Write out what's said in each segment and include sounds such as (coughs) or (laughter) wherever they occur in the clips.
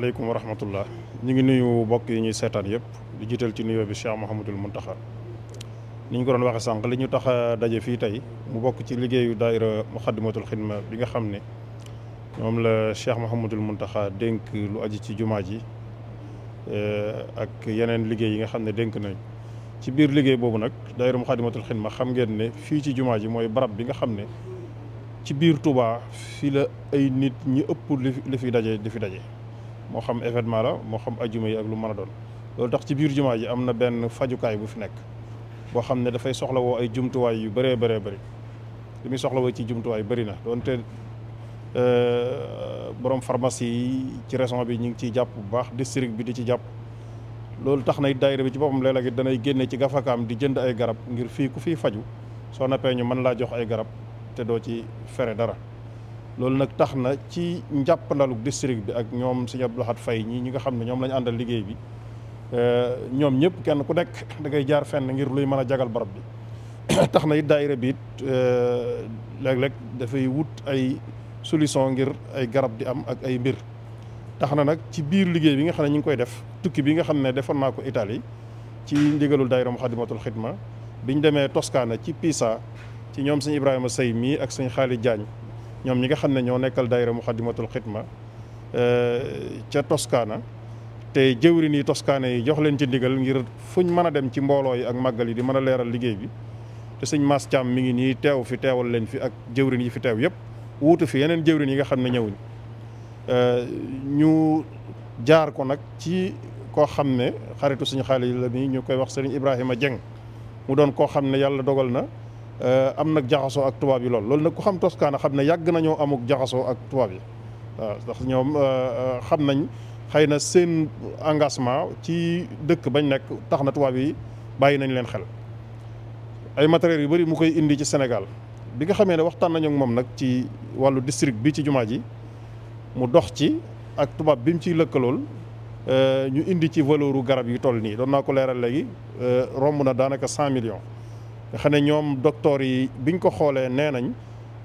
asalaamaaleykum wa rahmatullah ñu ngi nuyu mbokk yi ñuy seetaan yëpp di jiital ci nuyoo bi Cheikh Mouhamadul mun taxa ñu ko doon waxee sànq li ñu tax a daje fii tey mu bokk ci liggéeyu daaira Muxaddamatul Xidma bi nga xam ne ñoom la Cheikh Mouhamadul taxa dénk lu aj ci jumaa ji eh, ak yeneen liggéey yi nga xam ne dénk nañ ci biir liggéey boobu nag daaira Muxaddamatul Xidma xam ngeen ne fii ci jumaa ji mooy barab bi nga xam ne ci biir Touba fii la ay nit ñi ëpp daje di fi daje moo xam événement la moo xam ajuma yi ak lu mën a doon loolu tax ci biir jumaa ji am na benn fajukaay bu fi nekk boo xam ne dafay soxla woo ay jumtuwaay yu bëree bëree bëri li muy soxla woo ci jumtuwaay bëri na doonte euh, borom pharmacie yi ci région bi ñu ngi ciy jàpp bu baax district bi di ci jàpp loolu tax na daayira bi ci boppam léeg-léeg danay génne ci gafakaam di jënd ay garab ngir fii ku fii faju soo nappee ñu mën laa jox ay garab te doo ci fere dara loolu nag tax na ci njàppandaluk district bi ak ñoom sëñ Abdou Lahad Faye ñi ñi nga xam ne ñoom lañu ñu àndal liggéey bi euh, ñoom ñëpp kenn ku nekk dangay jaar fenn ngir luy mën a jagal barab bi (coughs) tax na it daayira bi it euh, léeg-léeg dafay wut ay solution ngir ay garab di am ak ay mbir tax na nag ci biir liggéey bi nga xam ne ñu ngi koy def tukki bi nga xam ne defoon naa ko itali ci ndigalul daayira Muxaddamatul Xidma biñ demee Toscana ci Pisa ci ñoom sëñ Ibrahima Sey mii ak sëñ Xaali Jaañ ñoom ñi nga xam ne ñoo nekkal daayira Muxaddamatul Xidma eh, ca Toscana te jëwrin yi Toscana yi jox leen ci ndigal ngir fuñ mën a dem ci mbooloo yi ak màggal yi di mën a leeral liggéey bi te sëñ Mass Thiam mi ngi nii teew fi teewal leen fi ak jëwrin yi fi teew yëpp wuutu fi yeneen jëwrin yi nga xam ne ñëwuñ eh, ñu jaar ko nag ci koo xam ne xaritu suñu xaalis la nii ñu koy wax sëriñ Ibrahima Dieng mu doon koo xam ne yàlla dogal na am nag jaxasoo ak tubaab yi lool loolu nag ku xam Toscana xam ne yàgg nañoo amuk jaxasoo ak tubaab yi waaw ndax euh, euh, xam nañ xëy na seen engagement ci dëkk bañ nekk tax na tubaab yi bàyyi nañ leen xel ay matériels yu bëri mu koy indi ci Sénégal bi nga xamee ne waxtaan nañu moom nag ci wàllu district bi ci jumaa ji mu dox ci ak tubaab bi mu ciy lëkkalool euh, ñu indi ci valeuru garab yi toll nii doon naa ko leeral léegi romb na daanaka cent million xam ne ñoom docteur yi bi ñu ko xoolee nee nañ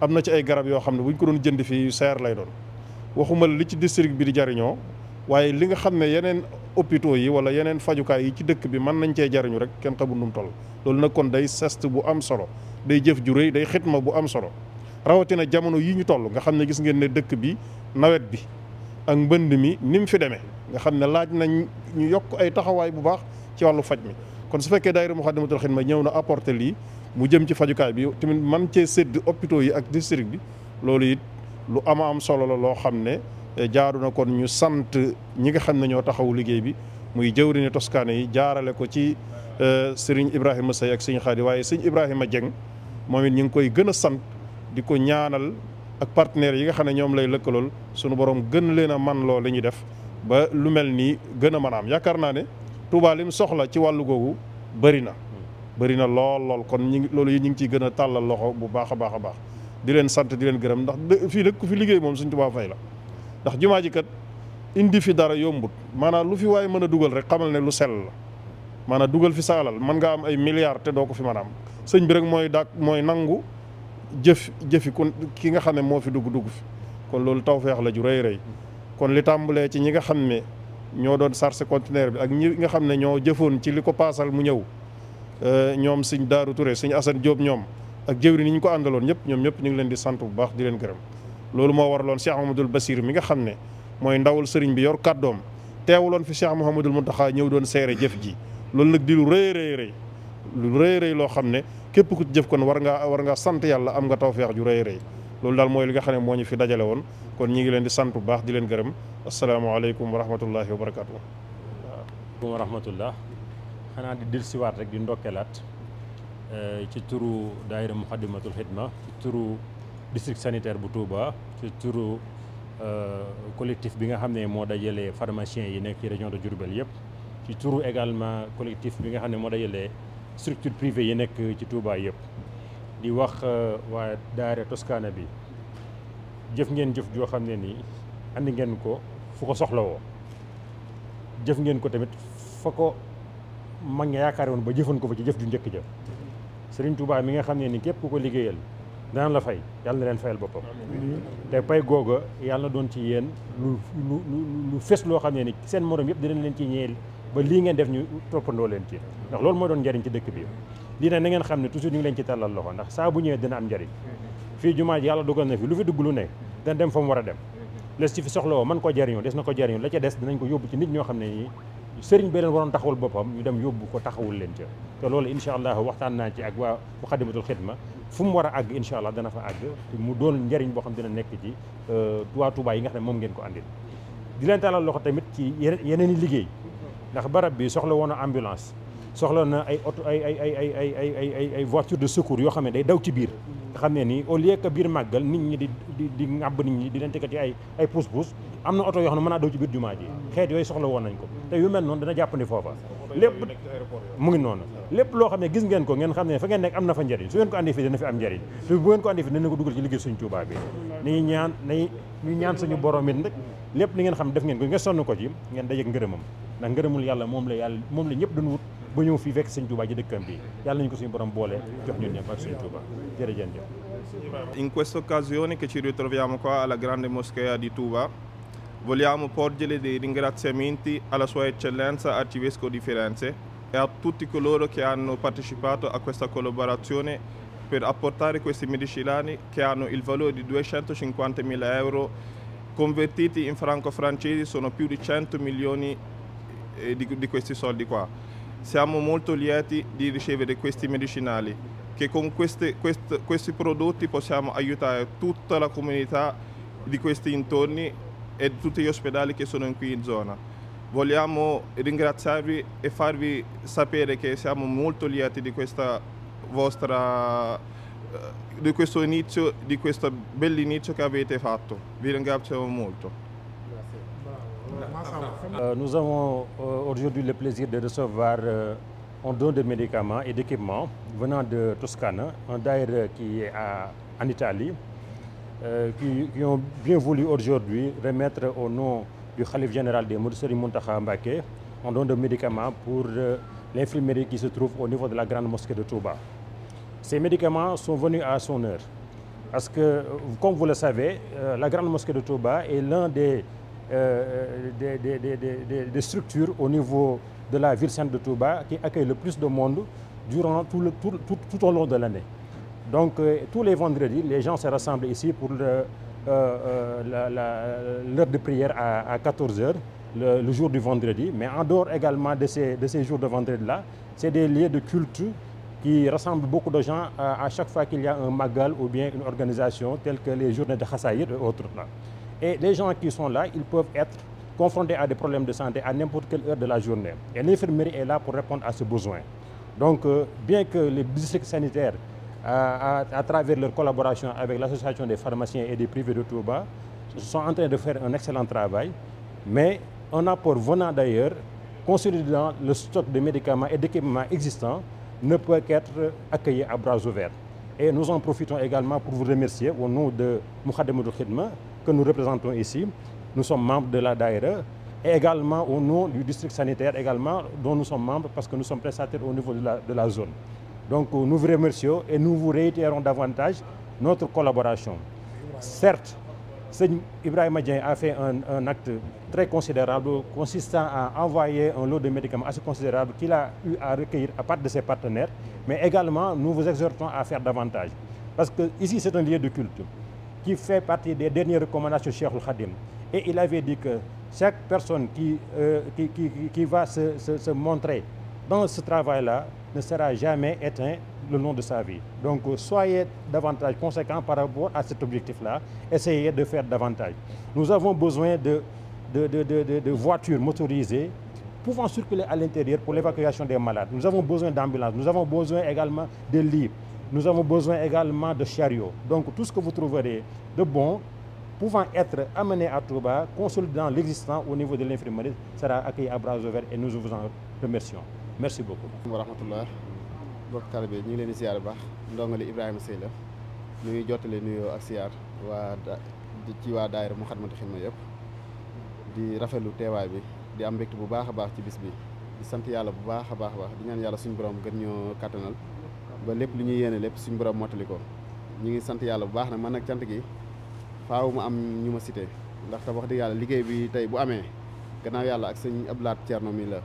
am na ci ay garab yoo xam ne buñ ko doon jënd fii seer lay doon waxuma li ci district bi di jariñoo waaye li nga xam ne yeneen hôpitaux yi wala yeneen fajukaay yi ci dëkk bi mën nañ cee jariñu rek kenn xamul nu mu toll loolu nag kon day sest bu am solo day jëf ju rëy day xitma bu am solo rawatina jamono yi ñu toll nga xam ne gis ngeen ne dëkk bi nawet bi ak mbënd mi ni mu fi demee nga xam ne laaj nañ ñu yokk ay taxawaay bu baax ci wàllu faj mi kon su fekkee daayira Moukhaddamatoul ma ñëw na apporter lii mu jëm ci fajukaay bi tamit man cee sédd hôpitaux yi ak district bi loolu it lu ama am solo la loo xam ne eh, jaaru na kon ñu sant ñi nga xam ne ñoo taxawu liggéey bi muy jëwriñu toskaane yi jaarale ko ci eh, sëriñ Ibrahima Seye ak sëñ Xaadi waaye sëñ Ibrahima jeng moom it ñu ngi koy gën a sant di ko ñaanal ak partenaires yi nga xam ne ñoom lay lëkkalool sunu borom gën leen a man loo li ñuy def ba lu mel nii gën a mën a am yaakaar naa ne Touba lim soxla ci wàllu googu bëri na. Hmm. bëri na lool lool kon ñi loolu yi ñu ngi ciy gën a tàllal loxo bu baax a baax a baax di leen sant di leen gërëm ndax fii nag ku fi liggéey moom Sëñ Touba fay la ndax jumaa ji kat indi fi dara yombut maanaam lu fi waaye mën a dugal rek xamal ne lu sell la maanaa dugal fi sa alal mën ngaa am ay milliards te doo ko fi man a am sëñ bi rek mooy daak mooy nangu jëf jëfi kon ki nga xam ne moo fi dugg dugg fi kon loolu tawfeex la ju rëy rëy kon li ci ñi nga xam ne ñoo doon chargé conteneur bi ak ñi nga xam ne ñoo jëfoon ci li ko paasal mu ñëw euh, ñoom sëñ Daaru Touré sëñ Assane Diop ñoom ak jëwri ni ñu ko àndaloon ñëpp ñoom ñëpp ñu ngi leen di sant bu baax di leen gërëm loolu moo waraloon Cheikh Mamadou Bassir mi nga xam ne mooy ndawul sëriñ bi yor kàddoom loon fi Cheikh Mouhamadul Mountakha ñëw doon seere jëf ji loolu nag di lu rëy rëy rëy loo xam ne képp ku jëf kon war ngaa war ngaa sant yàlla am nga tawfeex ju rëy rëy loolu daal mooy li nga xam ne moo ñu fi dajale woon kon ñi ngi leen di sant bu baax di leen gërëm asalaamaaleykum wa rahmatullahi wa barakaatu. waaw wa rahmatullah xanaa di dellusiwaat rek di ndokkeelaat eh, ci turu daayira muxadimatul xidma ci turu district sanitaire bu Touba ci turu eh, collectif bi nga xam ne moo dajale pharmaciens yi nekk ci région de Diourbel yëpp ci turu également collectif bi nga xam ne moo dajale structure privée yi nekk ci Touba yëpp. di wax euh, waaye daara Toscana bi jëf ngeen jëf joo xam ne nii andi ngeen ko fu ko soxlawoo jëf ngeen ko tamit fa ko mag nga yaakaar woon ba jëfan ko fa ci jëf ju njëkk ja Serigne Touba mi nga xam ne ni képp ku ko liggéeyal dana la fay yàlla na leen fayal boppam te pay googa yàlla na doon ci yéen lu lu lu fes loo xam ne ni seen moroom yëpp dinañ leen ci ñeel ba lii ngeen def ñu toppandoo leen ci ndax loolu moo doon njariñ ci dëkk bi lii nag na ngeen xam ne toujours ñu ngi leen ci tàllal loxo ndax saa bu ñëwee dina am njëriñ mhm. fii jumaa ji yàlla dugal na fi lu fi dugg lu ne mhm. dana dem fa mu war a dem mhm. les ci fi soxla woo mën ko na ko jariñoo la ca des dinañ ko yóbbu ci nit ñoo xam ne nii sëriñ bi leen waroon boppam ñu dem yóbbu ko taxawul leen ca te loolu incha allah waxtaan naa ci ak waa muqaddimatul xidma fu mu war a allah dana fa àgg mu doon njëriñ boo xam dina nekk ci euh, waa Touba yi nga xam ne moom ngeen ko andil di leen tàllal loxo tamit ci yeneen i liggéey ndax barab bi soxla woon ambulance soxla na ay oto ay ay ay ay voiture de secours yoo xam ne day daw ci biir nga xam ne nii au lieu que biir màggal nit ñi di di di ŋàbb nit ñi di leen tekkati ay ay pousse-pousse am na oto yoo xam ne mën naa daw ci biir jumaa ji xeet yooyu soxla woon nañ ko te yu mel noonu dana jàppandi foofa lépp mu ngi noonu lépp loo xam ne gis ngeen ko ngeen xam ne fa ngeen nekk am na fa njëriñ su ngeen ko andi fii dana fi am ngeen ko andi fii dana ko dugal ñaan nañu ñaan borom it li ngeen xam def ngeen ko ngeen sonn ko ci ngeen dajeek ngërëmam ndax ngërëmul yàlla moom la yàlla moom la ñëpp doon ba ñëw fii fekk sëñ Touba ko borom boole jox ñun ñëpp ak sëñ Touba jërëjëf. In questa occasione che ci ritroviamo qua alla Grande Moschea di Tuva, vogliamo porgere dei ringraziamenti alla Sua Eccellenza Arcivescovo di Firenze e a tutti coloro che hanno partecipato a questa collaborazione per apportare questi medicinali che hanno il valore di 250.000 euro convertiti in franco francesi sono più di milioni eh, di questi soldi qua. Siamo molto lieti di ricevere questi medicinali che con queste, quest, questi prodotti possiamo aiutare tutta la comunità di questi intorni e tutti gli ospedali che sono qui in zona. Vogliamo ringraziarvi e farvi sapere che siamo molto lieti di, vostra, eh, di questo inizio, di questo bell'inizio che avete fatto. Vi ringraziamo molto. Euh, nous avons euh, aujourd'hui le plaisir de recevoir un euh, don de médicaments et d'équipements venant de Toscane, un daïre qui est en Italie, qui, ont bien voulu aujourd'hui remettre au nom du Khalif général des Mousseri Muntaha Mbake un don de médicaments pour l'infirmerie qui se trouve au niveau de la grande mosquée de Touba. Ces médicaments sont venus à son heure. Parce que, comme vous le savez, la grande mosquée de Touba est l'un des euh, euh des, des, des, des, structures au niveau de la ville sainte de Touba qui accueille le plus de monde durant tout, le, tout, tout, tout au long de l'année. Donc euh, tous les vendredis, les gens se rassemblent ici pour euh, euh, l'heure de prière à, à 14h, le, le, jour du vendredi. Mais en dehors également de ces, de ces jours de vendredi-là, c'est des lieux de culte qui rassemble beaucoup de gens à, chaque fois qu'il y a un magal ou bien une organisation telle que les journées de Khassaïd et autres. Là. Et les gens qui sont là, ils peuvent être confrontés à des problèmes de santé à n'importe quelle heure de la journée. Et l'infirmerie est là pour répondre à ce besoin. Donc, euh, bien que les districts sanitaires, à, à, travers leur collaboration avec l'association des pharmaciens et des privés de Touba, sont en train de faire un excellent travail, mais un apport venant d'ailleurs, consolidant le stock de médicaments et d'équipements existant ne peut qu'être accueilli à bras ouverts. Et nous pour vous remercier au nom de Moukhademoudou que nous représentons ici. Nous sommes membres de la DAERE et également au nom du district sanitaire également, dont nous sommes membres parce que nous sommes prestataires au niveau de la, zone. Donc euh, nous vous remercions et nous vous réitérons davantage notre collaboration. Certes, Ibrahima Dieng a fait un, acte très considérable consistant à envoyer un lot de médicaments assez considérable qu'il a eu à recueillir à part de ses partenaires, mais également nous vous exhortons à faire davantage. Parce que ici c'est un qui fait partie des dernières recommandations de Cheikhoul Khadim. Et il avait dit que chaque personne qui, euh, qui, qui, qui, va se, se, se montrer dans ce travail-là ne sera jamais éteint le long de sa vie. Donc soyez davantage conséquents par rapport à cet objectif-là, essayez de faire davantage. Nous avons besoin de, de, de, de, de voitures motorisées pouvant circuler à l'intérieur pour l'évacuation des malades. Nous avons besoin d'ambulances, nous avons besoin également de lits. Nous avons besoin également de chariots. Donc tout ce que vous trouverez de bon pouvant être amené à Touba, consolidant l'existant au niveau de l'infirmerie, sera accueilli à bras ouverts et nous vous en remercions. Merci beaucoup. wa rahmatullah bokk talibé ñu ngi leen di siyaar bu baax ndongali Ibrahima Sey la ñu ngi jottale nuyoo ak siyaar waa ci waa daayira Moukhaddamatoul Khidma yëpp di rafetlu teewaay bi di am mbégte bu baax a baax ci bis bi di sant yàlla bu baax a baax a baax di yàlla suñu borom gën kattanal ba lépp lu ñuy yéene lépp suñu borom mottali ko ñu ngi sant yàlla bu baax na mën nag cant gi faaw mu am ñu ma cité ndax te wax dëgg yàlla liggéey bi tey bu amee gannaaw yàlla ak sëñ Abdoulaye Thierno mii la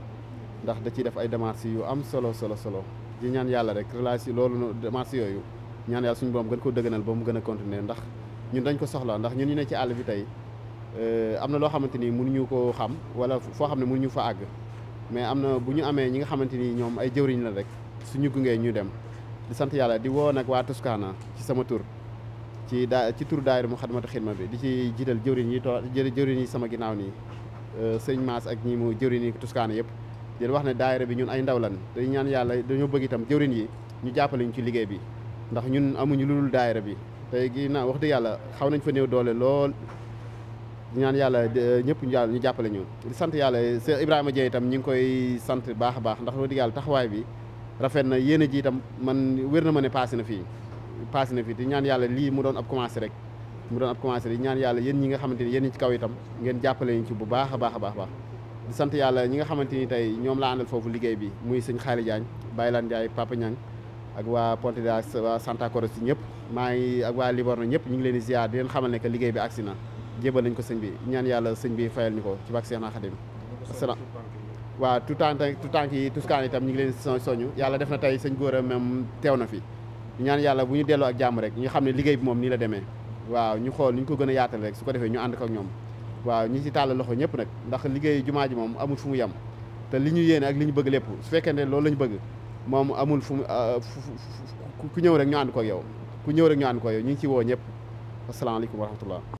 ndax da ciy def ay démarches yu am solo solo solo di ñaan yàlla rek relation loolu démarches yooyu ñaan yàlla suñ borom gën ko dëgënal ba mu gën a continuer ndax ñun dañ ko soxla ndax ñun ñu ne ci àll bi tey eh, am na loo xamante ni mënuñu koo xam wala foo xam ne mënuñu fa àgg mais am na bu ñu amee ñi nga xamante ni ñoom ay jëwriñ la rek suñu gungee ñu dem di sant yàlla di woo nag waa Toscana ci sama tur ci daa ci tur mu ma Moukhaddamatoul Khidma bi di ci jiital jëwriñ yi too jëwriñ yi sama ginnaaw nii euh, sëñ Maas ak ñi mu jëwriñ yi Toscana yëpp di wax ne daayira bi ñun ay ndaw lan ñaan yàlla dañoo bëgg tam jëwriñ yi ñu jàppale ñu ci liggéey bi ndax ñun amuñu lu dul bi tey gi na wax dëgg yàlla xaw nañ fa néew doole lool di ñaan yàlla ñëpp ñu ñu jàppale ñu di sant yàlla Ibrahima Dieng itam ñu ngi koy sant baax a baax ndax wax dëgg yàlla taxawaay bi rafet na yéen a ji man wér na ma ne paase na fii paase na fii di ñaan yàlla lii mu doon ab commencé rek mu doon ab commencé di ñaan yàlla yéen ñi nga xamante ni yéen ñi ci kaw itam ngeen jàppale ñu ci bu baax a baax a baax baax di sant yàlla ñi nga xamante ni tey ñoom laa àndal foofu liggéey bi muy sëñ Xaali Jaañ Baye Lan Jaay Papa Ñang ak waa Pontedera waa Santa Croce ñëpp maa ngi ak waa Livorno ñëpp ñu ngi leen di ziar di leen xamal ne que liggéey bi agsi na jébal nañ ko sëñ bi ñaan yàlla sëñ bi fayal ñu ko ci bak Seexna Xadim asalaam waa tout temps tout temps yi tuskaan tam ñu ngi leen so soñu yàlla def na tey sañ góor a même teew na fi ñaan yàlla bu ñu delloo ak jàmm rek ñu xam ne liggéey bi moom nii la demee waaw ñu xool ni ñu ko gën a yaatal rek su ko defee ñu ànd ko ak ñoom waaw ñi ci tàll loxo ñëpp nag ndax liggéey jumaa ji moom amul fu mu yem te li ñu yéene ak li ñu bëgg lépp su fekkee ne loolu la ñu bëgg moom amul fu mu ah, ku ñëw rek ñu ànd ko ak yow ku ñëw rek ñu ànd ko ak ñu ngi ci woo ñëpp asalaamaaleykum wa rahmatullah